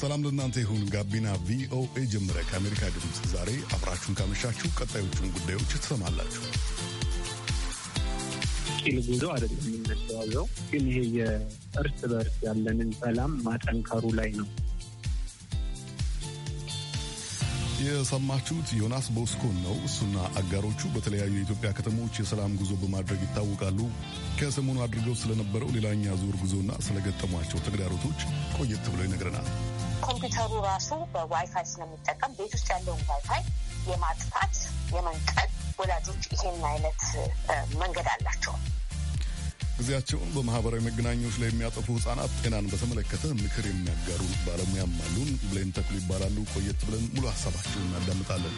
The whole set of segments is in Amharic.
ሰላም ለእናንተ ይሁን። ጋቢና ቪኦኤ ጀመረ። ከአሜሪካ ድምፅ ዛሬ አብራችሁን ካመሻችሁ ቀጣዮቹን ጉዳዮች ትሰማላችሁ። ቂል ጉዞ አይደለም የምንተዋዘው፣ ግን ይሄ የእርስ በእርስ ያለንን ሰላም ማጠንከሩ ላይ ነው። የሰማችሁት ዮናስ ቦስኮን ነው። እሱና አጋሮቹ በተለያዩ የኢትዮጵያ ከተሞች የሰላም ጉዞ በማድረግ ይታወቃሉ። ከሰሞኑ አድርገው ስለነበረው ሌላኛ ዙር ጉዞና ስለገጠሟቸው ተግዳሮቶች ቆየት ብሎ ይነግረናል። ኮምፒውተሩ ራሱ በዋይፋይ ስለሚጠቀም ቤት ውስጥ ያለውን ዋይፋይ የማጥፋት የመንቀል ወላጆች ይሄን አይነት መንገድ አላቸው። ጊዜያቸውን በማህበራዊ መገናኛዎች ላይ የሚያጠፉ ህጻናት ጤናን በተመለከተ ምክር የሚያጋሩ ባለሙያም አሉን። ብሌን ተክሉ ይባላሉ። ቆየት ብለን ሙሉ ሀሳባቸውን እናዳምጣለን።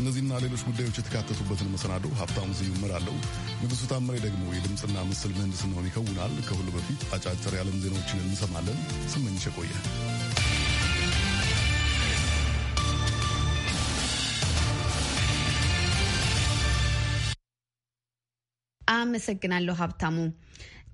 እነዚህና ሌሎች ጉዳዮች የተካተቱበትን መሰናዶ ሀብታሙ ስዩም እመራለሁ። ንጉሱ ታምሬ ደግሞ የድምፅና ምስል ምህንድስናውን ይከውናል። ከሁሉ በፊት አጫጭር የዓለም ዜናዎችን እንሰማለን። ስመኝሽ ቆየ አመሰግናለሁ ሀብታሙ።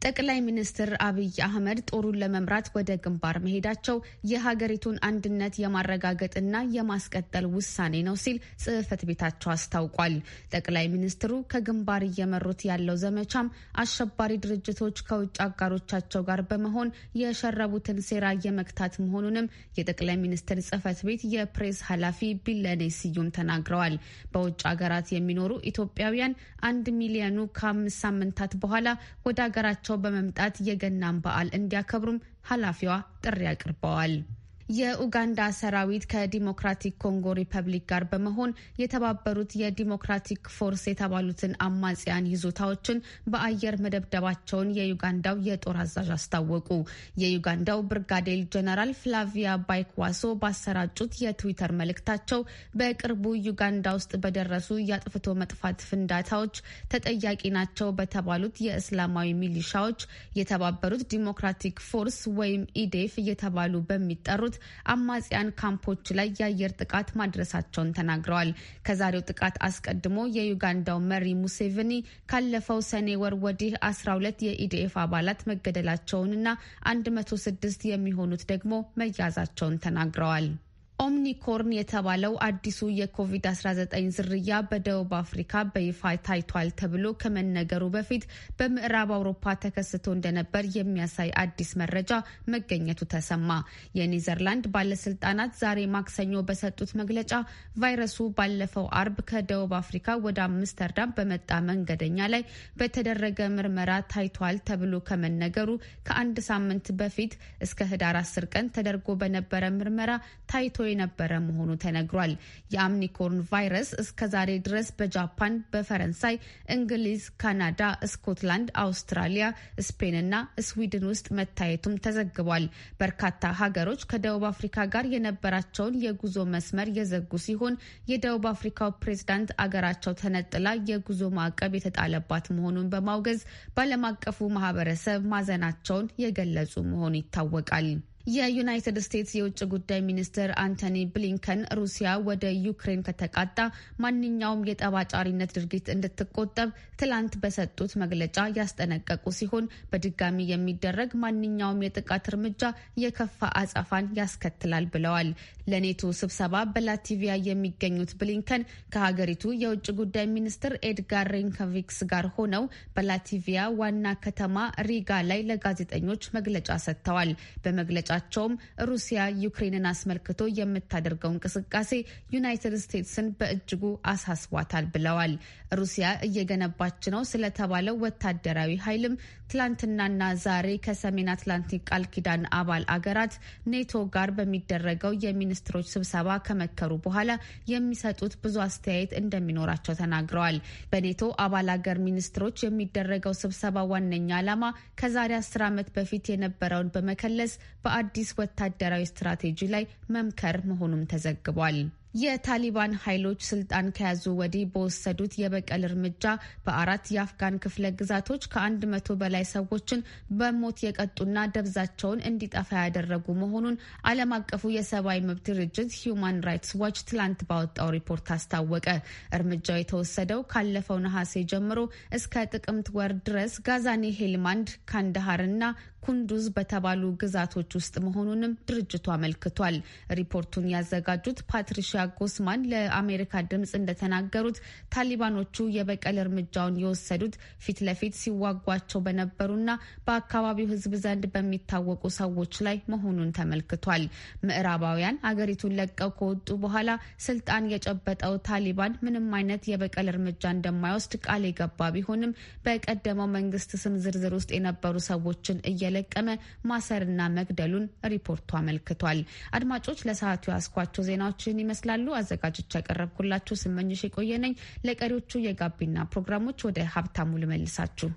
ጠቅላይ ሚኒስትር አብይ አህመድ ጦሩን ለመምራት ወደ ግንባር መሄዳቸው የሀገሪቱን አንድነት የማረጋገጥና የማስቀጠል ውሳኔ ነው ሲል ጽህፈት ቤታቸው አስታውቋል። ጠቅላይ ሚኒስትሩ ከግንባር እየመሩት ያለው ዘመቻም አሸባሪ ድርጅቶች ከውጭ አጋሮቻቸው ጋር በመሆን የሸረቡትን ሴራ የመግታት መሆኑንም የጠቅላይ ሚኒስትር ጽህፈት ቤት የፕሬስ ኃላፊ ቢለኔ ስዩም ተናግረዋል። በውጭ ሀገራት የሚኖሩ ኢትዮጵያውያን አንድ ሚሊዮኑ ከአምስት ሳምንታት በኋላ ወደ ሀገራቸው በመምጣት የገናን በዓል እንዲያከብሩም ኃላፊዋ ጥሪ አቅርበዋል። የኡጋንዳ ሰራዊት ከዲሞክራቲክ ኮንጎ ሪፐብሊክ ጋር በመሆን የተባበሩት የዲሞክራቲክ ፎርስ የተባሉትን አማጽያን ይዞታዎችን በአየር መደብደባቸውን የዩጋንዳው የጦር አዛዥ አስታወቁ። የዩጋንዳው ብርጋዴር ጀነራል ፍላቪያ ባይክዋሶ ባሰራጩት የትዊተር መልእክታቸው በቅርቡ ዩጋንዳ ውስጥ በደረሱ የአጥፍቶ መጥፋት ፍንዳታዎች ተጠያቂ ናቸው በተባሉት የእስላማዊ ሚሊሻዎች የተባበሩት ዲሞክራቲክ ፎርስ ወይም ኢዴፍ እየተባሉ በሚጠሩት አማጽያን ካምፖች ላይ የአየር ጥቃት ማድረሳቸውን ተናግረዋል። ከዛሬው ጥቃት አስቀድሞ የዩጋንዳው መሪ ሙሴቪኒ ካለፈው ሰኔ ወር ወዲህ 12 የኢዲኤፍ አባላት መገደላቸውንና 106 የሚሆኑት ደግሞ መያዛቸውን ተናግረዋል። ኦምኒኮርን የተባለው አዲሱ የኮቪድ-19 ዝርያ በደቡብ አፍሪካ በይፋ ታይቷል ተብሎ ከመነገሩ በፊት በምዕራብ አውሮፓ ተከስቶ እንደነበር የሚያሳይ አዲስ መረጃ መገኘቱ ተሰማ። የኔዘርላንድ ባለስልጣናት ዛሬ ማክሰኞ በሰጡት መግለጫ ቫይረሱ ባለፈው አርብ ከደቡብ አፍሪካ ወደ አምስተርዳም በመጣ መንገደኛ ላይ በተደረገ ምርመራ ታይቷል ተብሎ ከመነገሩ ከአንድ ሳምንት በፊት እስከ ህዳር 10 ቀን ተደርጎ በነበረ ምርመራ ታይቶ የነበረ መሆኑ ተነግሯል። የአምኒኮርን ቫይረስ እስከዛሬ ድረስ በጃፓን፣ በፈረንሳይ፣ እንግሊዝ፣ ካናዳ፣ ስኮትላንድ፣ አውስትራሊያ፣ እና ስዊድን ውስጥ መታየቱም ተዘግቧል። በርካታ ሀገሮች ከደቡብ አፍሪካ ጋር የነበራቸውን የጉዞ መስመር የዘጉ ሲሆን የደቡብ አፍሪካው ፕሬዝዳንት አገራቸው ተነጥላ የጉዞ ማዕቀብ የተጣለባት መሆኑን በማውገዝ በዓለም አቀፉ ማህበረሰብ ማዘናቸውን የገለጹ መሆኑ ይታወቃል። የዩናይትድ ስቴትስ የውጭ ጉዳይ ሚኒስትር አንቶኒ ብሊንከን ሩሲያ ወደ ዩክሬን ከተቃጣ ማንኛውም የጠባጫሪነት ድርጊት እንድትቆጠብ ትላንት በሰጡት መግለጫ ያስጠነቀቁ ሲሆን በድጋሚ የሚደረግ ማንኛውም የጥቃት እርምጃ የከፋ አጻፋን ያስከትላል ብለዋል። ለኔቶ ስብሰባ በላቲቪያ የሚገኙት ብሊንከን ከሀገሪቱ የውጭ ጉዳይ ሚኒስትር ኤድጋር ሬንከቪክስ ጋር ሆነው በላቲቪያ ዋና ከተማ ሪጋ ላይ ለጋዜጠኞች መግለጫ ሰጥተዋል። በመግለጫቸውም ሩሲያ ዩክሬንን አስመልክቶ የምታደርገው እንቅስቃሴ ዩናይትድ ስቴትስን በእጅጉ አሳስቧታል ብለዋል። ሩሲያ እየገነባች ነው ስለተባለው ወታደራዊ ኃይልም ትላንትናና ዛሬ ከሰሜን አትላንቲክ ቃል ኪዳን አባል አገራት ኔቶ ጋር በሚደረገው የሚኒስ ሚኒስትሮች ስብሰባ ከመከሩ በኋላ የሚሰጡት ብዙ አስተያየት እንደሚኖራቸው ተናግረዋል። በኔቶ አባል አገር ሚኒስትሮች የሚደረገው ስብሰባ ዋነኛ ዓላማ ከዛሬ አስር ዓመት በፊት የነበረውን በመከለስ በአዲስ ወታደራዊ ስትራቴጂ ላይ መምከር መሆኑም ተዘግቧል። የታሊባን ኃይሎች ስልጣን ከያዙ ወዲህ በወሰዱት የበቀል እርምጃ በአራት የአፍጋን ክፍለ ግዛቶች ከአንድ መቶ በላይ ሰዎችን በሞት የቀጡና ደብዛቸውን እንዲጠፋ ያደረጉ መሆኑን ዓለም አቀፉ የሰብአዊ መብት ድርጅት ሂዩማን ራይትስ ዋች ትላንት ባወጣው ሪፖርት አስታወቀ። እርምጃው የተወሰደው ካለፈው ነሐሴ ጀምሮ እስከ ጥቅምት ወር ድረስ ጋዛኒ ሄልማንድ፣ ካንዳሃር እና ኩንዱዝ በተባሉ ግዛቶች ውስጥ መሆኑንም ድርጅቱ አመልክቷል። ሪፖርቱን ያዘጋጁት ፓትሪሺያ ጎስማን ለአሜሪካ ድምፅ እንደተናገሩት ታሊባኖቹ የበቀል እርምጃውን የወሰዱት ፊት ለፊት ሲዋጓቸው በነበሩና በአካባቢው ሕዝብ ዘንድ በሚታወቁ ሰዎች ላይ መሆኑን ተመልክቷል። ምዕራባውያን አገሪቱን ለቀው ከወጡ በኋላ ስልጣን የጨበጠው ታሊባን ምንም አይነት የበቀል እርምጃ እንደማይወስድ ቃል የገባ ቢሆንም በቀደመው መንግስት ስም ዝርዝር ውስጥ የነበሩ ሰዎችን እየ እየለቀመ ማሰርና መግደሉን ሪፖርቱ አመልክቷል። አድማጮች ለሰዓቱ ያስኳቸው ዜናዎችን ይመስላሉ። አዘጋጆች ያቀረብኩላችሁ ስመኝሽ የቆየ ነኝ። ለቀሪዎቹ የጋቢና ፕሮግራሞች ወደ ሀብታሙ ልመልሳችሁ።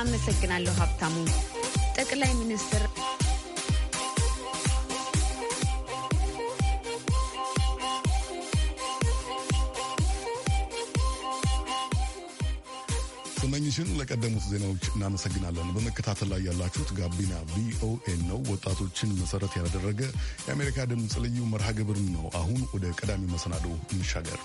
አመሰግናለሁ ሀብታሙ ጠቅላይ ሚኒስትር ስመኝሽን ለቀደሙት ዜናዎች እናመሰግናለን። በመከታተል ላይ ያላችሁት ጋቢና ቪኦኤ ነው። ወጣቶችን መሰረት ያደረገ የአሜሪካ ድምፅ ልዩ መርሃ ግብር ነው። አሁን ወደ ቀዳሚ መሰናዶ እንሻገር።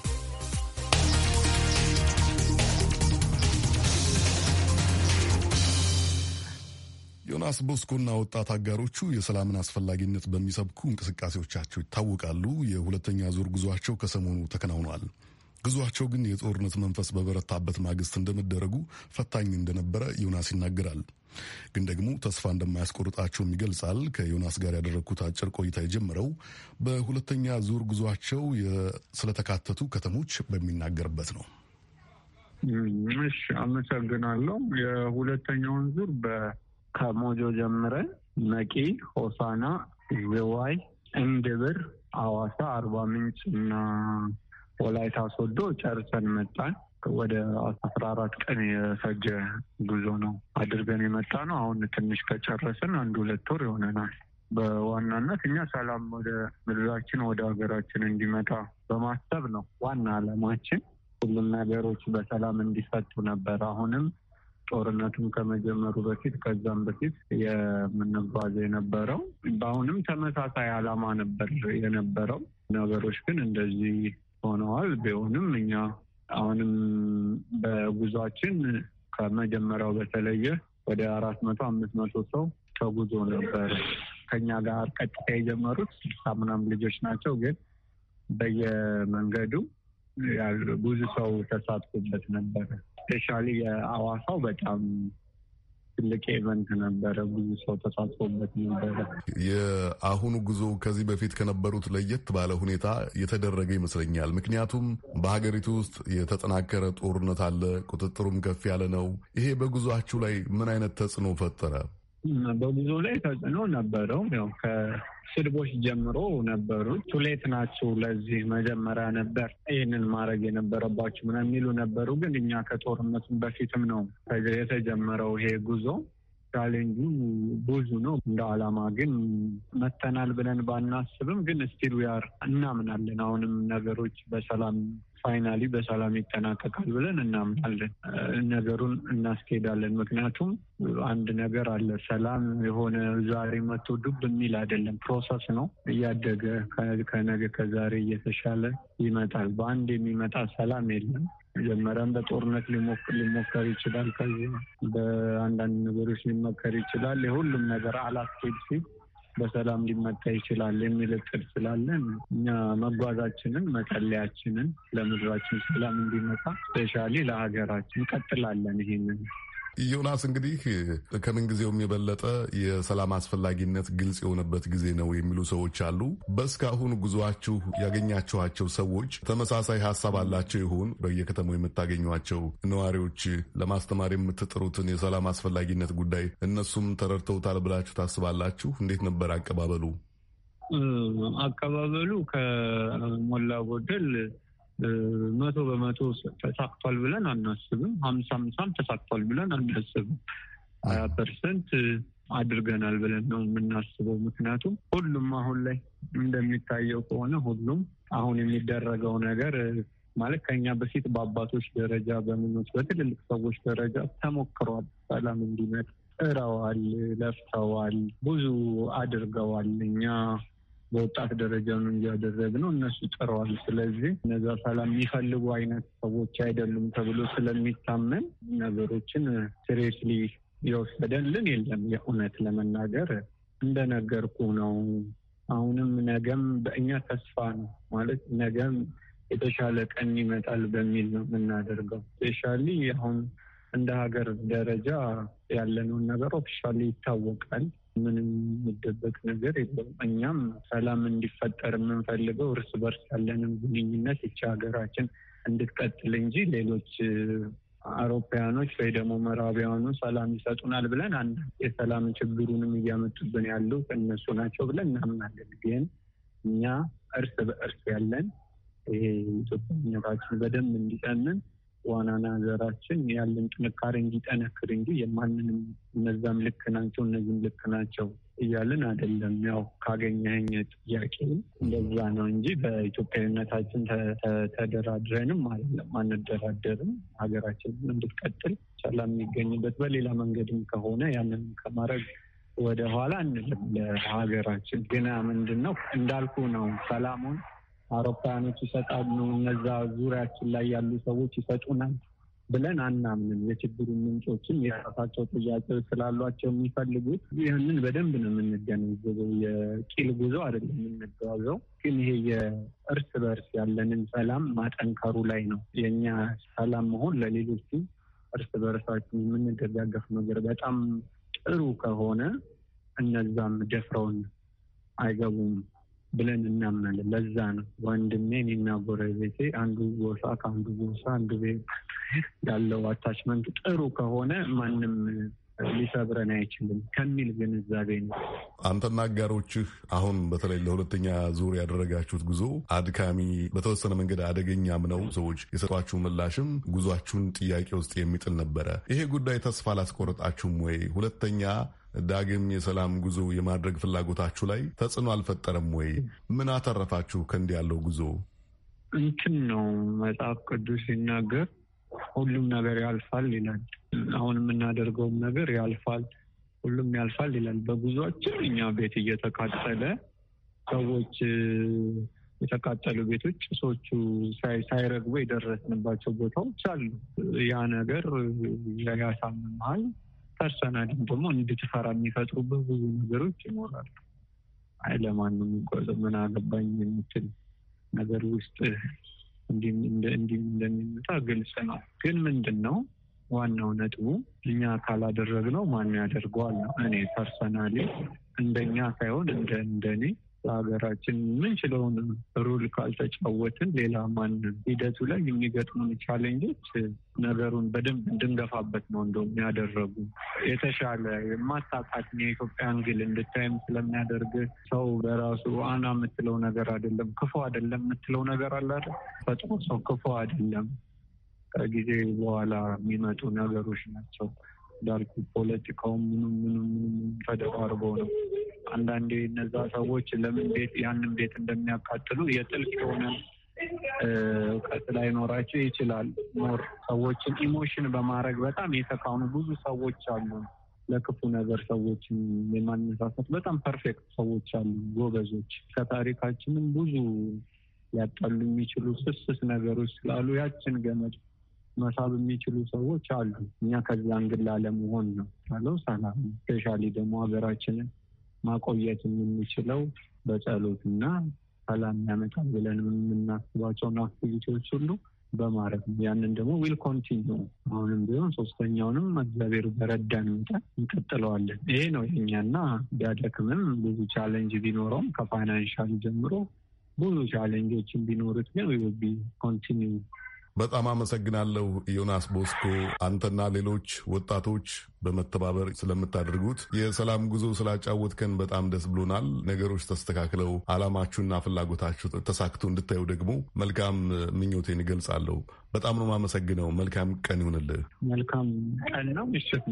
ዮናስ ቦስኮና ወጣት አጋሮቹ የሰላምን አስፈላጊነት በሚሰብኩ እንቅስቃሴዎቻቸው ይታወቃሉ። የሁለተኛ ዙር ጉዟቸው ከሰሞኑ ተከናውኗል። ጉዟቸው ግን የጦርነት መንፈስ በበረታበት ማግስት እንደመደረጉ ፈታኝ እንደነበረ ዮናስ ይናገራል። ግን ደግሞ ተስፋ እንደማያስቆርጣቸውም ይገልጻል። ከዮናስ ጋር ያደረግኩት አጭር ቆይታ የጀመረው በሁለተኛ ዙር ጉዟቸው ስለተካተቱ ከተሞች በሚናገርበት ነው። እሺ፣ አመሰግናለሁ። የሁለተኛውን ዙር ከሞጆ ጀምረን መቂ፣ ሆሳና፣ ዝዋይ፣ እንድብር፣ አዋሳ፣ አርባ ምንጭ እና ወላይታ ሶዶ ጨርሰን መጣን። ወደ አስራ አራት ቀን የፈጀ ጉዞ ነው አድርገን የመጣ ነው። አሁን ትንሽ ከጨረስን አንድ ሁለት ወር ይሆነናል። በዋናነት እኛ ሰላም ወደ ምድራችን ወደ ሀገራችን እንዲመጣ በማሰብ ነው ዋና አለማችን ሁሉም ነገሮች በሰላም እንዲፈቱ ነበር። አሁንም ጦርነቱም ከመጀመሩ በፊት ከዛም በፊት የምንጓዝ የነበረው በአሁንም ተመሳሳይ አላማ ነበር የነበረው። ነገሮች ግን እንደዚህ ሆነዋል። ቢሆንም እኛ አሁንም በጉዟችን ከመጀመሪያው በተለየ ወደ አራት መቶ አምስት መቶ ሰው ተጉዞ ነበር። ከኛ ጋር ቀጥታ የጀመሩት ሳሙናም ልጆች ናቸው። ግን በየመንገዱ ብዙ ሰው ተሳትፎበት ነበር። ስፔሻሊ የአዋሳው በጣም ትልቅ ኢቨንት ነበረ። ብዙ ሰው ተሳትፎበት ነበረ። የአሁኑ ጉዞ ከዚህ በፊት ከነበሩት ለየት ባለ ሁኔታ የተደረገ ይመስለኛል። ምክንያቱም በሀገሪቱ ውስጥ የተጠናከረ ጦርነት አለ፣ ቁጥጥሩም ከፍ ያለ ነው። ይሄ በጉዞአችሁ ላይ ምን አይነት ተጽዕኖ ፈጠረ? በጉዞ ላይ ተጽዕኖ ነበረው። ያው ከስድቦች ጀምሮ ነበሩ። ቱሌት ናቸው ለዚህ መጀመሪያ ነበር ይህንን ማድረግ የነበረባችሁ ምናምን የሚሉ ነበሩ። ግን እኛ ከጦርነቱን በፊትም ነው የተጀመረው ይሄ ጉዞ ቻሌንጁ ብዙ ነው። እንደ አላማ ግን መተናል ብለን ባናስብም ግን ስቲል ዊያር እናምናለን። አሁንም ነገሮች በሰላም ፋይናሊ በሰላም ይጠናቀቃል ብለን እናምናለን። ነገሩን እናስኬዳለን። ምክንያቱም አንድ ነገር አለ። ሰላም የሆነ ዛሬ መቶ ዱብ የሚል አይደለም። ፕሮሰስ ነው። እያደገ ከነገ ከዛሬ እየተሻለ ይመጣል። በአንድ የሚመጣ ሰላም የለም። መጀመሪያም በጦርነት ሊሞከር ይችላል። ከዚህ በአንዳንድ ነገሮች ሊመከር ይችላል። የሁሉም ነገር አላስኬድ ሲል በሰላም ሊመጣ ይችላል የሚል እቅድ ስላለን እኛ መጓዛችንን መጸለያችንን ለምድራችን ሰላም እንዲመጣ ስፔሻሊ ለሀገራችን ቀጥላለን ይሄንን ዮናስ እንግዲህ ከምን ጊዜውም የበለጠ የሰላም አስፈላጊነት ግልጽ የሆነበት ጊዜ ነው የሚሉ ሰዎች አሉ። በእስካሁን ጉዟችሁ ያገኛችኋቸው ሰዎች ተመሳሳይ ሀሳብ አላቸው ይሆን? በየከተማው የምታገኟቸው ነዋሪዎች ለማስተማር የምትጥሩትን የሰላም አስፈላጊነት ጉዳይ እነሱም ተረድተውታል ብላችሁ ታስባላችሁ? እንዴት ነበር አቀባበሉ? አቀባበሉ ከሞላ ጎደል መቶ በመቶ ተሳክቷል ብለን አናስብም። ሀምሳ ሀምሳም ተሳክቷል ብለን አናስብም። ሀያ ፐርሰንት አድርገናል ብለን ነው የምናስበው። ምክንያቱም ሁሉም አሁን ላይ እንደሚታየው ከሆነ ሁሉም አሁን የሚደረገው ነገር ማለት ከኛ በፊት በአባቶች ደረጃ በምኖች በትልልቅ ሰዎች ደረጃ ተሞክሯል። ሰላም እንዲመጣ ጥረዋል፣ ለፍተዋል፣ ብዙ አድርገዋል። እኛ በወጣት ደረጃ ነው ነው። እነሱ ጥረዋል። ስለዚህ እነዛ ሰላም የሚፈልጉ አይነት ሰዎች አይደሉም ተብሎ ስለሚታመን ነገሮችን ሲሪየስሊ የወሰደልን የለም። የእውነት ለመናገር እንደነገርኩ ነው። አሁንም ነገም በእኛ ተስፋ ነው ማለት ነገም የተሻለ ቀን ይመጣል በሚል ነው የምናደርገው። ስፔሻሊ አሁን እንደ ሀገር ደረጃ ያለነውን ነገር ኦፊሻሊ ይታወቃል። ምንም የሚደበቅ ነገር የለም። እኛም ሰላም እንዲፈጠር የምንፈልገው እርስ በርስ ያለንም ግንኙነት ይቺ ሀገራችን እንድትቀጥል እንጂ ሌሎች አውሮፓያኖች ወይ ደግሞ ምዕራባውያኑ ሰላም ይሰጡናል ብለን አንድ የሰላም ችግሩንም እያመጡብን ያሉት እነሱ ናቸው ብለን እናምናለን። ግን እኛ እርስ በእርስ ያለን ይሄ ኢትዮጵያነታችን በደንብ እንዲጠንን ዋናና ዘራችን ያለን ጥንካሬ እንዲጠነክር እንጂ የማንንም እነዛም ልክ ናቸው እነዚህም ልክ ናቸው እያልን አይደለም። ያው ካገኘኝ ጥያቄ እንደዛ ነው እንጂ በኢትዮጵያዊነታችን ተደራድረንም አይደለም አንደራደርም። ሀገራችን እንድትቀጥል ሰላም የሚገኝበት በሌላ መንገድም ከሆነ ያንን ከማድረግ ወደኋላ እንልም። ለሀገራችን ግና ምንድን ነው እንዳልኩ ነው ሰላሙን አውሮፕላኖች ይሰጣሉ፣ እነዛ ዙሪያችን ላይ ያሉ ሰዎች ይሰጡናል ብለን አናምንም። የችግሩ ምንጮችም የራሳቸው ጥያቄዎች ስላሏቸው የሚፈልጉት ይህንን በደንብ ነው የምንገነዘበው። የቂል ጉዞ አይደለም የምንጓዘው፣ ግን ይሄ የእርስ በእርስ ያለንን ሰላም ማጠንከሩ ላይ ነው የእኛ ሰላም መሆን ለሌሎቹ እርስ በእርሳችን የምንደጋገፍ ነገር በጣም ጥሩ ከሆነ እነዛም ደፍረውን አይገቡም። ብለን እናምናለን። ለዛ ነው ወንድሜ እኔና ጎረቤቴ አንዱ ጎሳ ከአንዱ ጎሳ አንዱ ቤት ያለው አታችመንት ጥሩ ከሆነ ማንም ሊሰብረን አይችልም ከሚል ግንዛቤ ነው። አንተና አጋሮችህ አሁን በተለይ ለሁለተኛ ዙር ያደረጋችሁት ጉዞ አድካሚ፣ በተወሰነ መንገድ አደገኛም ነው። ሰዎች የሰጧችሁ ምላሽም ጉዟችሁን ጥያቄ ውስጥ የሚጥል ነበረ። ይሄ ጉዳይ ተስፋ አላስቆረጣችሁም ወይ? ሁለተኛ ዳግም የሰላም ጉዞ የማድረግ ፍላጎታችሁ ላይ ተጽዕኖ አልፈጠረም ወይ? ምን አተረፋችሁ ከእንዲህ ያለው ጉዞ? እንትን ነው መጽሐፍ ቅዱስ ሲናገር ሁሉም ነገር ያልፋል ይላል። አሁን የምናደርገውም ነገር ያልፋል፣ ሁሉም ያልፋል ይላል። በጉዟችን እኛ ቤት እየተቃጠለ ሰዎች የተቃጠሉ ቤቶች ሰዎቹ ሳይረግቡ የደረስንባቸው ቦታዎች አሉ። ያ ነገር ያሳምመሃል ፐርሰናሊም ደግሞ እንድትፈራ የሚፈጥሩበት ብዙ ነገሮች ይኖራሉ። አይ ለማንም የሚጓዘ ምን አገባኝ የምትል ነገር ውስጥ እንዲህ እንደሚመጣ ግልጽ ነው። ግን ምንድን ነው ዋናው ነጥቡ እኛ ካላደረግነው ማን ያደርገዋል ነው። እኔ ፐርሰናሊ እንደኛ ሳይሆን እንደ እንደኔ በሀገራችን የምንችለውን ሩል ካልተጫወትን ሌላ ማንም ሂደቱ ላይ የሚገጥሙን ቻሌንጆች ነገሩን በደንብ እንድንገፋበት ነው እንደውም ያደረጉ የተሻለ የማታቃት የኢትዮጵያን ግል እንድታይም ስለሚያደርግ ሰው በራሱ አና የምትለው ነገር አይደለም፣ ክፉ አይደለም የምትለው ነገር አላለ ፈጥሮ ሰው ክፉ አይደለም፣ ከጊዜ በኋላ የሚመጡ ነገሮች ናቸው። እንዳልኩ ፖለቲካውም ምኑም ምኑም ተደራርበው ነው አንዳንዴ እነዛ ሰዎች ለምን ቤት ያንን ቤት እንደሚያቃጥሉ የጥልቅ የሆነ እውቀት ላይኖራቸው ይችላል። ኖር ሰዎችን ኢሞሽን በማድረግ በጣም የተካኑ ብዙ ሰዎች አሉ። ለክፉ ነገር ሰዎችን የማነሳሳት በጣም ፐርፌክት ሰዎች አሉ፣ ጎበዞች። ከታሪካችንም ብዙ ሊያጣሉ የሚችሉ ስስስ ነገሮች ስላሉ ያችን ገመድ መሳብ የሚችሉ ሰዎች አሉ። እኛ ከዛ እንግላ ለመሆን ነው ያለው ሰላም ስፔሻሊ ደግሞ ሀገራችንን ማቆየት የምንችለው በጸሎት እና ሰላም ያመጣል ብለን የምናስባቸውን አክቲቪቲዎች ሁሉ በማድረግ ነው። ያንን ደግሞ ዊል ኮንቲኒው አሁንም ቢሆን ሶስተኛውንም እግዚአብሔር በረዳን መጠን እንቀጥለዋለን። ይሄ ነው የኛና ቢያደክምም ብዙ ቻሌንጅ ቢኖረውም ከፋይናንሻል ጀምሮ ብዙ ቻሌንጆችን ቢኖሩት ግን ቢ ኮንቲኒ በጣም አመሰግናለሁ ዮናስ ቦስኮ፣ አንተና ሌሎች ወጣቶች በመተባበር ስለምታደርጉት የሰላም ጉዞ ስላጫወትከን በጣም ደስ ብሎናል። ነገሮች ተስተካክለው አላማችሁና ፍላጎታችሁ ተሳክቶ እንድታዩ ደግሞ መልካም ምኞቴን እገልጻለሁ። በጣም ነው የማመሰግነው። መልካም ቀን ይሁንልህ። መልካም ቀን ነው፣ ምሽት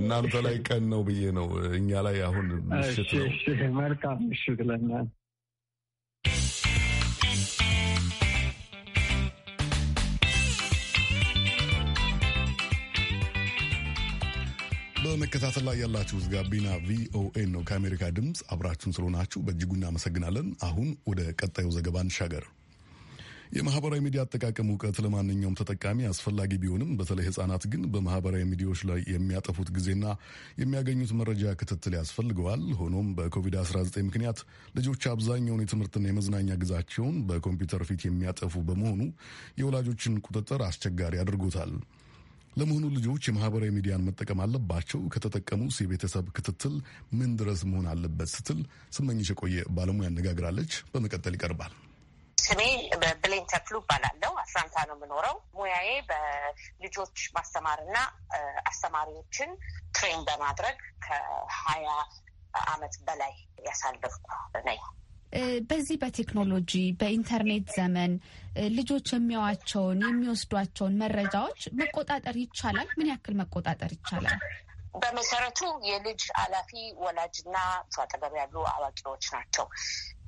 እናንተ ላይ ቀን ነው ብዬ ነው፣ እኛ ላይ አሁን ምሽት ነው። መልካም ምሽት በመከታተል ላይ ያላችሁት ጋቢና ቪኦኤ ነው ከአሜሪካ ድምፅ። አብራችሁን ስለሆናችሁ በእጅጉ እናመሰግናለን። አሁን ወደ ቀጣዩ ዘገባ እንሻገር። የማህበራዊ ሚዲያ አጠቃቀም እውቀት ለማንኛውም ተጠቃሚ አስፈላጊ ቢሆንም በተለይ ህጻናት ግን በማህበራዊ ሚዲያዎች ላይ የሚያጠፉት ጊዜና የሚያገኙት መረጃ ክትትል ያስፈልገዋል። ሆኖም በኮቪድ-19 ምክንያት ልጆች አብዛኛውን የትምህርትና የመዝናኛ ጊዜያቸውን በኮምፒውተር ፊት የሚያጠፉ በመሆኑ የወላጆችን ቁጥጥር አስቸጋሪ አድርጎታል። ለመሆኑ ልጆች የማህበራዊ ሚዲያን መጠቀም አለባቸው? ከተጠቀሙስ የቤተሰብ ክትትል ምን ድረስ መሆን አለበት? ስትል ስመኝሽ የቆየ ባለሙያ አነጋግራለች። በመቀጠል ይቀርባል። ስሜ በብሌን ተክሉ እባላለሁ። አትላንታ ነው የምኖረው። ሙያዬ በልጆች ማስተማርና አስተማሪዎችን ትሬን በማድረግ ከሀያ አመት በላይ ያሳለፍኩ ነኝ። በዚህ በቴክኖሎጂ በኢንተርኔት ዘመን ልጆች የሚያዋቸውን የሚወስዷቸውን መረጃዎች መቆጣጠር ይቻላል? ምን ያክል መቆጣጠር ይቻላል? በመሰረቱ የልጅ አላፊ ወላጅና አጠገብ ያሉ አዋቂዎች ናቸው።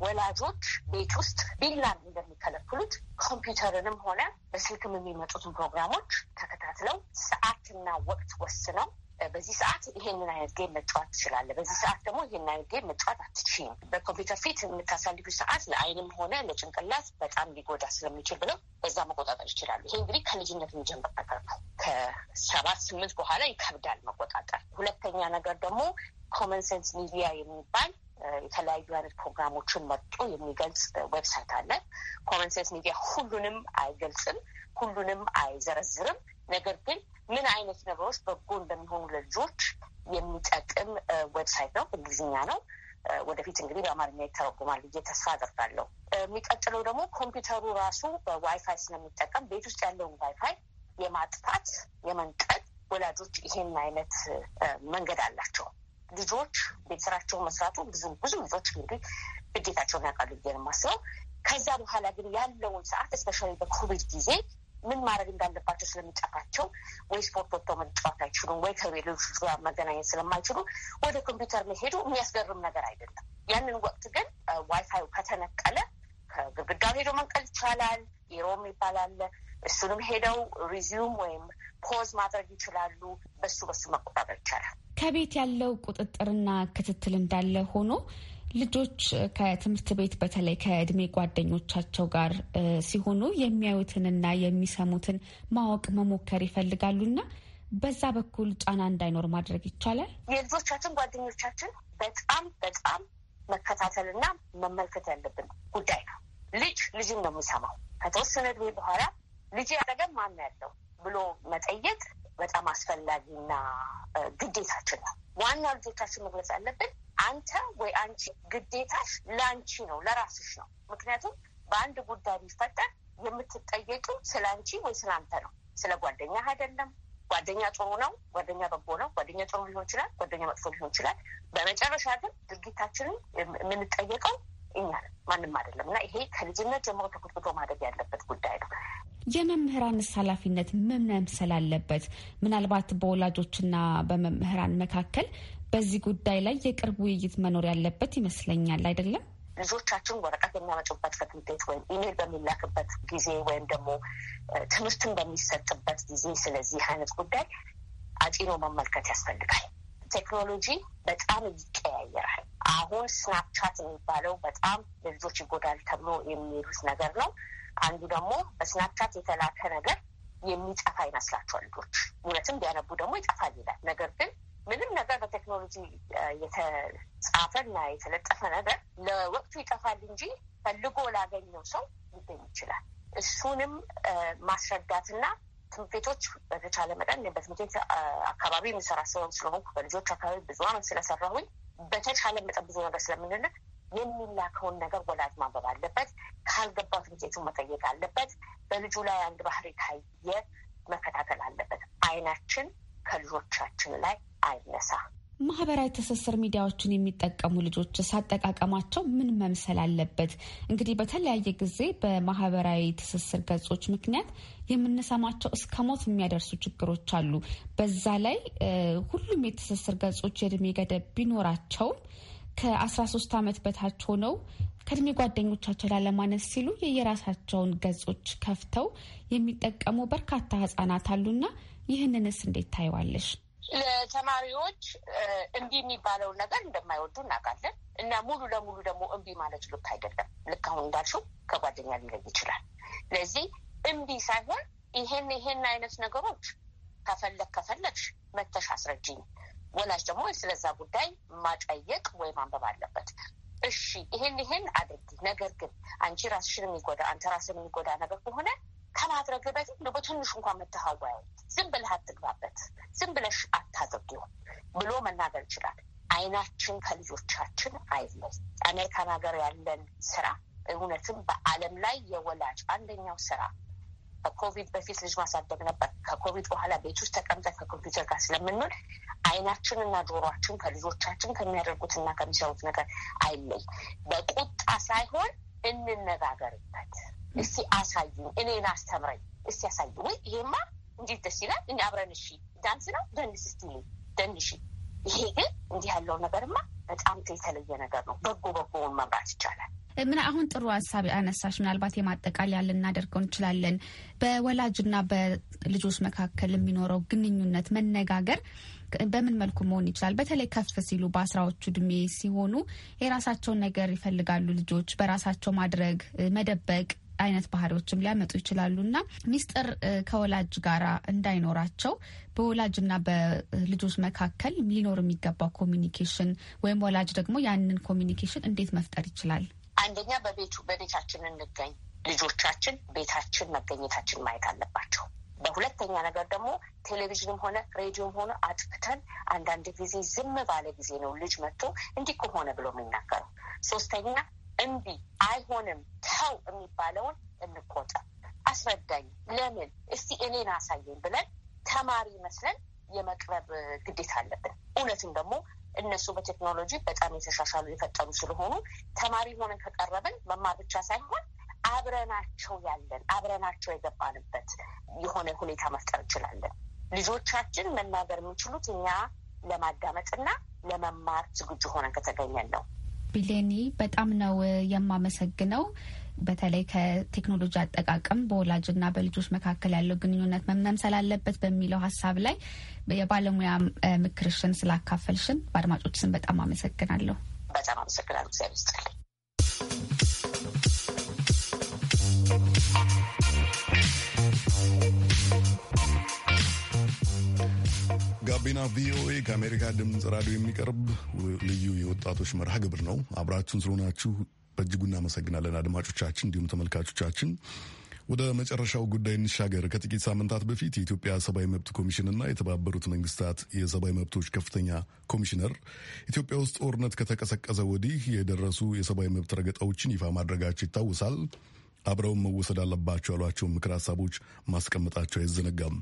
ወላጆች ቤት ውስጥ ቢላን እንደሚከለክሉት ኮምፒውተርንም ሆነ በስልክም የሚመጡትን ፕሮግራሞች ተከታትለው ሰዓትና ወቅት ወስነው በዚህ ሰዓት ይሄንን አይነት ጌም መጫወት ትችላለህ፣ በዚህ ሰዓት ደግሞ ይህን አይነት ጌም መጫወት አትችይም። በኮምፒውተር ፊት የምታሳልፊ ሰዓት ለአይንም ሆነ ለጭንቅላት በጣም ሊጎዳ ስለሚችል ብለው በዛ መቆጣጠር ይችላሉ። ይሄ እንግዲህ ከልጅነት የሚጀምር ነገር ነው። ከሰባት ስምንት በኋላ ይከብዳል መቆጣጠር። ሁለተኛ ነገር ደግሞ ኮመን ሴንስ ሚዲያ የሚባል የተለያዩ አይነት ፕሮግራሞችን መጡ የሚገልጽ ዌብሳይት አለ። ኮመን ሴንስ ሚዲያ ሁሉንም አይገልጽም፣ ሁሉንም አይዘረዝርም ነገር ግን ምን አይነት ነገሮች በጎ እንደሚሆኑ ለልጆች የሚጠቅም ዌብሳይት ነው። እንግሊዝኛ ነው። ወደፊት እንግዲህ በአማርኛ ይተረጉማል ብዬ ተስፋ አደርጋለሁ። የሚቀጥለው ደግሞ ኮምፒውተሩ ራሱ በዋይፋይ ስለሚጠቀም ቤት ውስጥ ያለውን ዋይፋይ የማጥፋት የመንቀል ወላጆች ይሄን አይነት መንገድ አላቸው። ልጆች ቤት ስራቸውን መስራቱ ብዙ ብዙ ልጆች እንግዲህ ግዴታቸውን ያውቃሉ ብዬ ነው የማስበው። ከዛ በኋላ ግን ያለውን ሰዓት እስፔሻሊ በኮቪድ ጊዜ ምን ማድረግ እንዳለባቸው ስለሚጠፋቸው ወይ ስፖርት ወጥተው መጫወት አይችሉም፣ ወይ ከሌሎች ጋር መገናኘት ስለማይችሉ ወደ ኮምፒውተር መሄዱ የሚያስገርም ነገር አይደለም። ያንን ወቅት ግን ዋይፋዩ ከተነቀለ ከግድግዳ ሄዶ መንቀል ይቻላል። ኢሮም ይባላል። እሱንም ሄደው ሪዚዩም ወይም ፖዝ ማድረግ ይችላሉ። በሱ በሱ መቆጣጠር ይቻላል። ከቤት ያለው ቁጥጥርና ክትትል እንዳለ ሆኖ ልጆች ከትምህርት ቤት በተለይ ከእድሜ ጓደኞቻቸው ጋር ሲሆኑ የሚያዩትንና የሚሰሙትን ማወቅ መሞከር ይፈልጋሉና በዛ በኩል ጫና እንዳይኖር ማድረግ ይቻላል። የልጆቻችን ጓደኞቻችን በጣም በጣም መከታተልና መመልከት ያለብን ጉዳይ ነው። ልጅ ልጅን ነው የሚሰማው። ከተወሰነ እድሜ በኋላ ልጅ ያደረገ ማን ያለው ብሎ መጠየቅ በጣም አስፈላጊና ግዴታችን ነው። ዋናው ልጆቻችን መግለጽ ያለብን አንተ ወይ አንቺ ግዴታሽ ለአንቺ ነው፣ ለራስሽ ነው። ምክንያቱም በአንድ ጉዳይ ቢፈጠር የምትጠየቂው ስለ አንቺ ወይ ስለ አንተ ነው፣ ስለ ጓደኛ አይደለም። ጓደኛ ጥሩ ነው፣ ጓደኛ በጎ ነው፣ ጓደኛ ጥሩ ሊሆን ይችላል፣ ጓደኛ መጥፎ ሊሆን ይችላል። በመጨረሻ ግን ድርጊታችንን የምንጠየቀው እኛ ነን፣ ማንም አይደለም። እና ይሄ ከልጅነት ጀምሮ ተኮትኩቶ ማደግ ያለበት ጉዳይ ነው። የመምህራንስ ኃላፊነት ምን መምሰል አለበት? ምናልባት በወላጆችና በመምህራን መካከል በዚህ ጉዳይ ላይ የቅርብ ውይይት መኖር ያለበት ይመስለኛል። አይደለም? ልጆቻችን ወረቀት የሚያመጡበት ከትምህርት ቤት ወይም ኢሜል በሚላክበት ጊዜ ወይም ደግሞ ትምህርትን በሚሰጥበት ጊዜ ስለዚህ አይነት ጉዳይ አጢኖ መመልከት ያስፈልጋል። ቴክኖሎጂ በጣም ይቀያየራል። አሁን ስናፕቻት የሚባለው በጣም ለልጆች ይጎዳል ተብሎ የሚሉት ነገር ነው። አንዱ ደግሞ በስናፕቻት የተላከ ነገር የሚጠፋ ይመስላቸዋል ልጆች። እውነትም ቢያነቡ ደግሞ ይጠፋል ይላል። ነገር ግን ምንም ነገር በቴክኖሎጂ የተጻፈና የተለጠፈ ነገር ለወቅቱ ይጠፋል እንጂ ፈልጎ ላገኘው ሰው ሊገኝ ይችላል። እሱንም ማስረዳትና ትምህርት ቤቶች በተቻለ መጠን በትምህርት ቤት አካባቢ የምሰራ ሰው ስለሆንኩ በልጆች አካባቢ ብዙ አመት ስለሰራሁኝ በተቻለ መጠን ብዙ ነገር ስለምንልክ የሚላከውን ነገር ወላጅ ማንበብ አለበት። ካልገባት ትምህርት መጠየቅ አለበት። በልጁ ላይ አንድ ባህሪ ካየ መከታተል አለበት። አይናችን ከልጆቻችን ላይ አይነሳ። ማህበራዊ ትስስር ሚዲያዎችን የሚጠቀሙ ልጆች ሳጠቃቀማቸው ምን መምሰል አለበት? እንግዲህ በተለያየ ጊዜ በማህበራዊ ትስስር ገጾች ምክንያት የምንሰማቸው እስከ ሞት የሚያደርሱ ችግሮች አሉ። በዛ ላይ ሁሉም የትስስር ገጾች የእድሜ ገደብ ቢኖራቸውም ከ13 ዓመት በታች ሆነው ከእድሜ ጓደኞቻቸው ላለማነስ ሲሉ የየራሳቸውን ገጾች ከፍተው የሚጠቀሙ በርካታ ህጻናት አሉና ይህንንስ እንዴት ታይዋለሽ? ለተማሪዎች እምቢ የሚባለውን ነገር እንደማይወዱ እናውቃለን እና ሙሉ ለሙሉ ደግሞ እምቢ ማለት ልክ አይደለም። ልክ አሁን እንዳልሽው ከጓደኛ ሊለይ ይችላል። ለዚህ እምቢ ሳይሆን ይሄን ይሄን አይነት ነገሮች ከፈለግ ከፈለግሽ መተሽ አስረጅኝ፣ ወላጅ ደግሞ ስለዛ ጉዳይ ማጠየቅ ወይ ማንበብ አለበት። እሺ ይሄን ይሄን አድርጊ፣ ነገር ግን አንቺ ራስሽን የሚጎዳ አንተ ራስን የሚጎዳ ነገር ከሆነ ከማድረግ በፊት በትንሹ እንኳን መተሃዋያ ዝም ብለህ አትግባበት፣ ዝም ብለሽ አታድርጊው ብሎ መናገር ይችላል። አይናችን ከልጆቻችን አይለይ። አሜሪካን ሀገር ያለን ስራ እውነትም በዓለም ላይ የወላጅ አንደኛው ስራ ከኮቪድ በፊት ልጅ ማሳደግ ነበር። ከኮቪድ በኋላ ቤት ውስጥ ተቀምጠ ከኮምፒውተር ጋር ስለምንውል አይናችንና ጆሯችን ከልጆቻችን ከሚያደርጉትና ከሚሰሩት ነገር አይለይ። በቁጣ ሳይሆን እንነጋገርበት። እስቲ አሳዩኝ፣ እኔን አስተምረኝ፣ እስቲ አሳዩ። ወይ ይሄማ እንዴት ደስ ይላል! እኔ አብረን እሺ፣ ዳንስ ነው ደንስ፣ እስቲ ደንሽ። ይሄ ግን እንዲህ ያለው ነገርማ በጣም የተለየ ነገር ነው። በጎ በጎውን መምራት ይቻላል። ምን አሁን ጥሩ ሀሳብ አነሳሽ። ምናልባት የማጠቃለያ ልናደርገው እንችላለን። በወላጅና በልጆች መካከል የሚኖረው ግንኙነት መነጋገር በምን መልኩ መሆን ይችላል? በተለይ ከፍ ሲሉ በአስራዎቹ እድሜ ሲሆኑ የራሳቸውን ነገር ይፈልጋሉ ልጆች በራሳቸው ማድረግ መደበቅ አይነት ባህሪዎችም ሊያመጡ ይችላሉ እና ሚስጥር ከወላጅ ጋር እንዳይኖራቸው በወላጅና በልጆች መካከል ሊኖር የሚገባው ኮሚኒኬሽን ወይም ወላጅ ደግሞ ያንን ኮሚኒኬሽን እንዴት መፍጠር ይችላል? አንደኛ በቤቱ በቤታችን እንገኝ። ልጆቻችን ቤታችን መገኘታችን ማየት አለባቸው። በሁለተኛ ነገር ደግሞ ቴሌቪዥንም ሆነ ሬዲዮም ሆነ አጥፍተን አንዳንድ ጊዜ ዝም ባለ ጊዜ ነው ልጅ መጥቶ እንዲህ እኮ ሆነ ብሎ የሚናገረው። ሶስተኛ እምቢ፣ አይሆንም፣ ተው የሚባለውን እንቆጠር። አስረዳኝ፣ ለምን እስቲ እኔን አሳየኝ ብለን ተማሪ መስለን የመቅረብ ግዴታ አለብን። እውነትም ደግሞ እነሱ በቴክኖሎጂ በጣም የተሻሻሉ የፈጠሩ ስለሆኑ ተማሪ ሆነን ከቀረብን መማር ብቻ ሳይሆን አብረናቸው ያለን አብረናቸው የገባንበት የሆነ ሁኔታ መፍጠር እንችላለን። ልጆቻችን መናገር የሚችሉት እኛ ለማዳመጥና ለመማር ዝግጁ ሆነን ከተገኘን ነው። ቢሌኒ፣ በጣም ነው የማመሰግነው። በተለይ ከቴክኖሎጂ አጠቃቀም በወላጅና በልጆች መካከል ያለው ግንኙነት መመምሰል አለበት በሚለው ሀሳብ ላይ የባለሙያ ምክርሽን ስላካፈልሽን በአድማጮች ስም በጣም አመሰግናለሁ። በጣም አመሰግናለሁ። እግዚአብሔር ጋቢና ቪኦኤ ከአሜሪካ ድምፅ ራዲዮ የሚቀርብ ልዩ የወጣቶች መርሃ ግብር ነው። አብራችሁን ስለሆናችሁ በእጅጉ እናመሰግናለን አድማጮቻችን፣ እንዲሁም ተመልካቾቻችን። ወደ መጨረሻው ጉዳይ እንሻገር። ከጥቂት ሳምንታት በፊት የኢትዮጵያ ሰብአዊ መብት ኮሚሽንና የተባበሩት መንግስታት የሰብአዊ መብቶች ከፍተኛ ኮሚሽነር ኢትዮጵያ ውስጥ ጦርነት ከተቀሰቀሰ ወዲህ የደረሱ የሰብአዊ መብት ረገጣዎችን ይፋ ማድረጋቸው ይታወሳል። አብረውን መወሰድ አለባቸው ያሏቸውን ምክር ሀሳቦች ማስቀመጣቸው አይዘነጋም።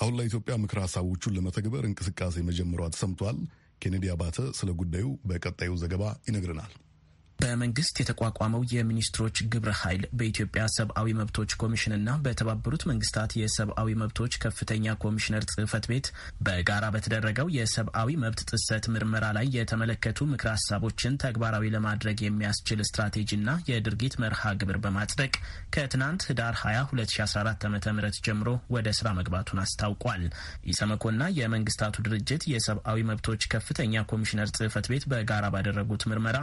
አሁን ላይ ኢትዮጵያ ምክር ሀሳቦቹን ለመተግበር እንቅስቃሴ መጀመሯ ተሰምቷል። ኬኔዲ አባተ ስለ ጉዳዩ በቀጣዩ ዘገባ ይነግረናል። በመንግስት የተቋቋመው የሚኒስትሮች ግብረ ኃይል በኢትዮጵያ ሰብአዊ መብቶች ኮሚሽንና በተባበሩት መንግስታት የሰብአዊ መብቶች ከፍተኛ ኮሚሽነር ጽህፈት ቤት በጋራ በተደረገው የሰብአዊ መብት ጥሰት ምርመራ ላይ የተመለከቱ ምክረ ሀሳቦችን ተግባራዊ ለማድረግ የሚያስችል ስትራቴጂና የድርጊት መርሃ ግብር በማጽደቅ ከትናንት ህዳር 20 2014 ዓ ም ጀምሮ ወደ ስራ መግባቱን አስታውቋል። ኢሰመኮና የመንግስታቱ ድርጅት የሰብአዊ መብቶች ከፍተኛ ኮሚሽነር ጽህፈት ቤት በጋራ ባደረጉት ምርመራ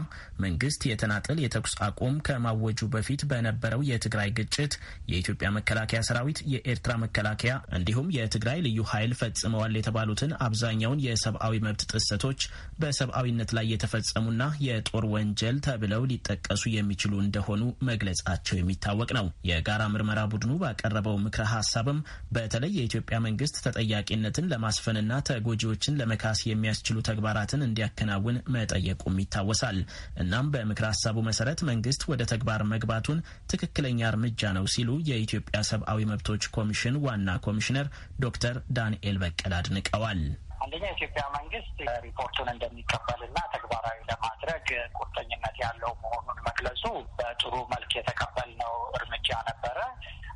መንግስት የተናጥል የተኩስ አቁም ከማወጁ በፊት በነበረው የትግራይ ግጭት የኢትዮጵያ መከላከያ ሰራዊት፣ የኤርትራ መከላከያ እንዲሁም የትግራይ ልዩ ኃይል ፈጽመዋል የተባሉትን አብዛኛውን የሰብአዊ መብት ጥሰቶች በሰብአዊነት ላይ የተፈጸሙና የጦር ወንጀል ተብለው ሊጠቀሱ የሚችሉ እንደሆኑ መግለጻቸው የሚታወቅ ነው። የጋራ ምርመራ ቡድኑ ባቀረበው ምክረ ሀሳብም በተለይ የኢትዮጵያ መንግስት ተጠያቂነትን ለማስፈንና ተጎጂዎችን ለመካስ የሚያስችሉ ተግባራትን እንዲያከናውን መጠየቁም ይታወሳል። እናም በም በምክር ሀሳቡ መሰረት መንግስት ወደ ተግባር መግባቱን ትክክለኛ እርምጃ ነው ሲሉ የኢትዮጵያ ሰብአዊ መብቶች ኮሚሽን ዋና ኮሚሽነር ዶክተር ዳንኤል በቀለ አድንቀዋል። አንደኛ የኢትዮጵያ መንግስት ሪፖርቱን እንደሚቀበልና ተግባራዊ ለማድረግ ቁርጠኝነት ያለው መሆኑን መግለጹ በጥሩ መልክ የተቀበልነው እርምጃ ነበረ።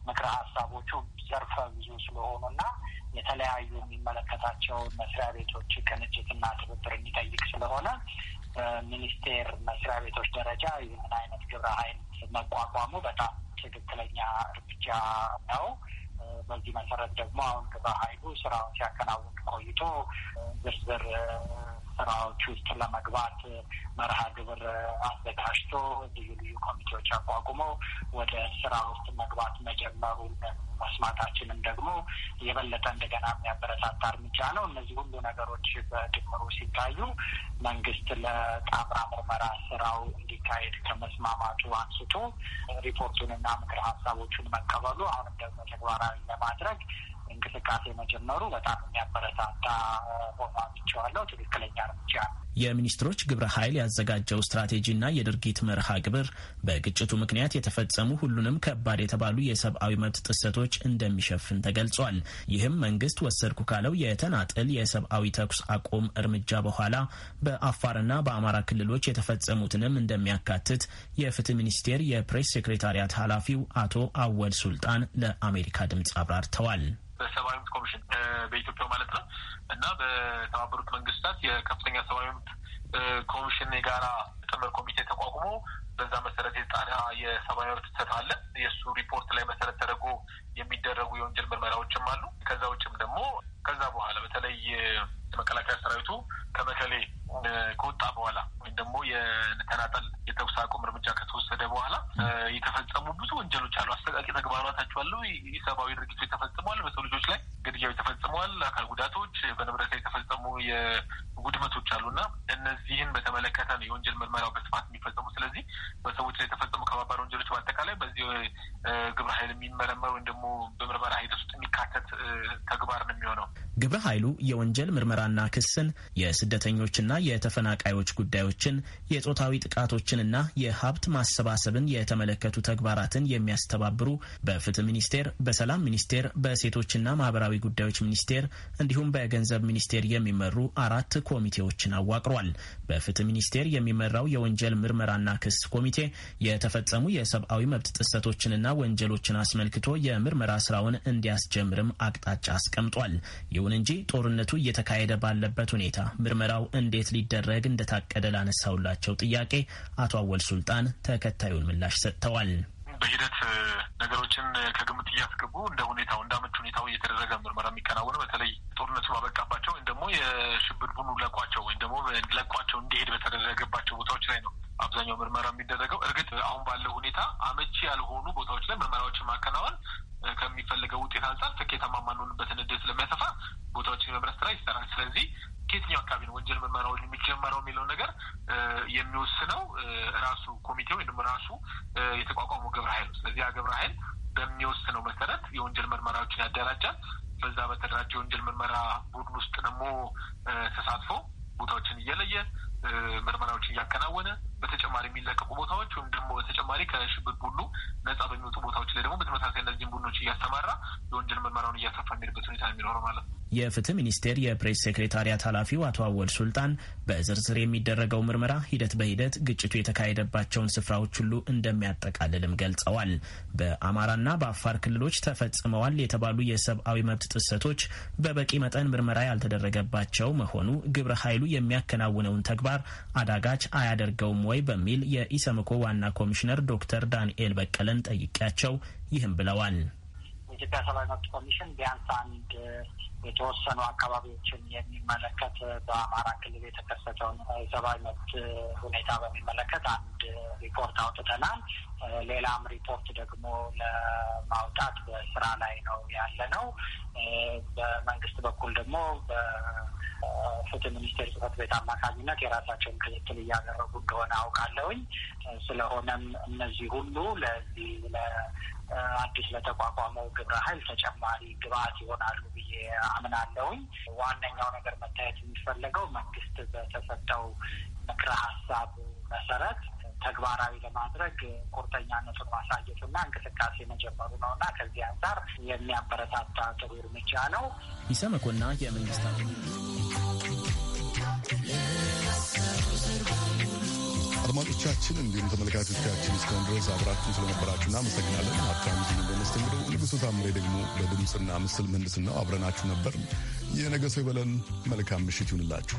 ምክረ ሀሳቦቹ ዘርፈ ብዙ ስለሆኑና የተለያዩ የሚመለከታቸውን መስሪያ ቤቶች ቅንጅትና ትብብር የሚጠይቅ ስለሆነ በሚኒስ ነው። በዚህ መሰረት ደግሞ አሁን ግባ ኃይሉ ስራውን ሲያከናውን ቆይቶ ዝርዝር ስራዎች ውስጥ ለመግባት መርሃ ግብር አዘጋጅቶ ልዩ ልዩ ኮሚቴዎች አቋቁመው ወደ ስራ ውስጥ መግባት የበለጠ እንደገና የሚያበረታታ እርምጃ ነው። እነዚህ ሁሉ ነገሮች በድምሩ ሲታዩ መንግስት ለጣምራ ምርመራ ስራው እንዲካሄድ ከመስማማቱ አንስቶ ሪፖርቱንና ምክር ሀሳቦቹን መቀበሉ አሁንም ደግሞ ተግባራዊ ለማድረግ እንቅስቃሴ መጀመሩ በጣም የሚያበረታታ ሆኖ አግኝቼዋለሁ። ትክክለኛ እርምጃ የሚኒስትሮች ግብረ ኃይል ያዘጋጀው ስትራቴጂና የድርጊት መርሃ ግብር በግጭቱ ምክንያት የተፈጸሙ ሁሉንም ከባድ የተባሉ የሰብአዊ መብት ጥሰቶች እንደሚሸፍን ተገልጿል። ይህም መንግስት ወሰድኩ ካለው የተናጥል የሰብአዊ ተኩስ አቁም እርምጃ በኋላ በአፋርና በአማራ ክልሎች የተፈጸሙትንም እንደሚያካትት የፍትህ ሚኒስቴር የፕሬስ ሴክሬታሪያት ኃላፊው አቶ አወል ሱልጣን ለአሜሪካ ድምፅ አብራርተዋል። በሰብአዊ መብት ኮሚሽን በኢትዮጵያ ማለት ነው እና በተባበሩት መንግስታት የከፍተኛ ሰብአዊ መብት ኮሚሽን የጋራ ጥምር ኮሚቴ ተቋቁሞ በዛ መሰረት የጣና የሰብአዊ መብት ጥሰት አለ የእሱ ሪፖርት ላይ መሰረት ተደርጎ የሚደረጉ የወንጀል ምርመራዎችም አሉ። ከዛ ውጭም ደግሞ ከዛ በኋላ በተለይ መከላከያ ሰራዊቱ ከመከሌ ከወጣ በኋላ ወይም ደግሞ የተናጠል የተኩስ አቁም እርምጃ ከተወሰደ በኋላ የተፈጸሙ ብዙ ወንጀሎች አሉ። አሰቃቂ ተግባራታቸው አሉ። የሰብአዊ ድርጊቶች ተፈጽመዋል። በሰው ልጆች ላይ ግድያው ተፈጽመዋል። አካል ጉዳቶች በንብረት ላይ የተፈጸሙ ውድመቶች አሉና እነዚህን በተመለከተ ነው የወንጀል ምርመራው በስፋት የሚፈጸሙ። ስለዚህ በሰዎች ላይ የተፈጸሙ ከባባድ ወንጀሎች በአጠቃላይ በዚህ ግብረ ኃይል የሚመረመር ወይም ደግሞ በምርመራ ሂደት ውስጥ የሚካተት ተግባር ነው የሚሆነው። ግብረ ኃይሉ የወንጀል ምርመራና ክስን፣ የስደተኞችና የተፈናቃዮች ጉዳዮችን፣ የጾታዊ ጥቃቶችንና የሀብት ማሰባሰብን የተመለከቱ ተግባራትን የሚያስተባብሩ በፍትህ ሚኒስቴር፣ በሰላም ሚኒስቴር፣ በሴቶችና ማህበራዊ ጉዳዮች ሚኒስቴር እንዲሁም በገንዘብ ሚኒስቴር የሚመሩ አራት ኮሚቴዎችን አዋቅሯል። በፍትህ ሚኒስቴር የሚመራው የወንጀል ምርመራና ክስ ኮሚቴ የተፈጸሙ የሰብአዊ መብት ጥሰቶችንና ወንጀሎችን አስመልክቶ የምርመራ ስራውን እንዲያስጀምርም አቅጣጫ አስቀምጧል። ይሁን እንጂ ጦርነቱ እየተካሄደ ባለበት ሁኔታ ምርመራው እንዴት ሊደረግ እንደታቀደ ላነሳውላቸው ጥያቄ አቶ አወል ሱልጣን ተከታዩን ምላሽ ሰጥተዋል። በሂደት ነገሮችን ከግምት እያስገቡ እንደ ሁኔታው እንደ አመች ሁኔታው እየተደረገ ምርመራ የሚከናወነው በተለይ ጦርነቱ ባበቃባቸው ወይም ደግሞ የሽብር ቡኑ ለቋቸው ወይም ደግሞ ለቋቸው እንዲሄድ በተደረገባቸው ቦታዎች ላይ ነው አብዛኛው ምርመራ የሚደረገው። እርግጥ አሁን ባለው ሁኔታ አመቺ ያልሆኑ ቦታዎች ላይ ምርመራዎችን ማከናወን የፍትህ ሚኒስቴር የፕሬስ ሴክሬታሪያት ኃላፊው አቶ አወል ሱልጣን በዝርዝር የሚደረገው ምርመራ ሂደት በሂደት ግጭቱ የተካሄደባቸውን ስፍራዎች ሁሉ እንደሚያጠቃልልም ገልጸዋል። በአማራና በአፋር ክልሎች ተፈጽመዋል የተባሉ የሰብአዊ መብት ጥሰቶች በበቂ መጠን ምርመራ ያልተደረገባቸው መሆኑ ግብረ ኃይሉ የሚያከናውነውን ተግባር አዳጋች አያደርገውም ወይ በሚል የኢሰመኮ ዋና ኮሚሽነር ዶክተር ዳንኤል በቀለን ጠይቄያቸው ይህም ብለዋል። የኢትዮጵያ ሰብአዊ መብት ኮሚሽን ቢያንስ አንድ የተወሰኑ አካባቢዎችን የሚመለከት በአማራ ክልል የተከሰተውን የሰብአዊ መብት ሁኔታ በሚመለከት አንድ ሪፖርት አውጥተናል። ሌላም ሪፖርት ደግሞ ለማውጣት በስራ ላይ ነው ያለ ነው። በመንግስት በኩል ደግሞ በፍትህ ሚኒስቴር ጽህፈት ቤት አማካኝነት የራሳቸውን ክትትል እያደረጉ እንደሆነ አውቃለሁኝ። ስለሆነም እነዚህ ሁሉ ለዚህ አዲስ ለተቋቋመው ግብረ ኃይል ተጨማሪ ግብአት ይሆናሉ ብዬ አምናለሁኝ። ዋነኛው ነገር መታየት የሚፈለገው መንግስት በተሰጠው ምክረ ሀሳብ መሰረት ተግባራዊ ለማድረግ ቁርጠኛነቱን ማሳየቱና እንቅስቃሴ መጀመሩ ነውና ከዚህ አንጻር የሚያበረታታ ጥሩ እርምጃ ነው። ኢሰመኮና የመንግስታት አድማጮቻችን እንዲሁም ተመልካቾቻችን እስካሁን ድረስ አብራችን ስለነበራችሁ እናመሰግናለን። ሀብታሙዚን በመስተንግዶ ንጉሱ ታምሬ ደግሞ በድምፅና ምስል ምህንድስናው አብረናችሁ ነበር። የነገ ሰው ይበለን። መልካም ምሽት ይሁንላችሁ።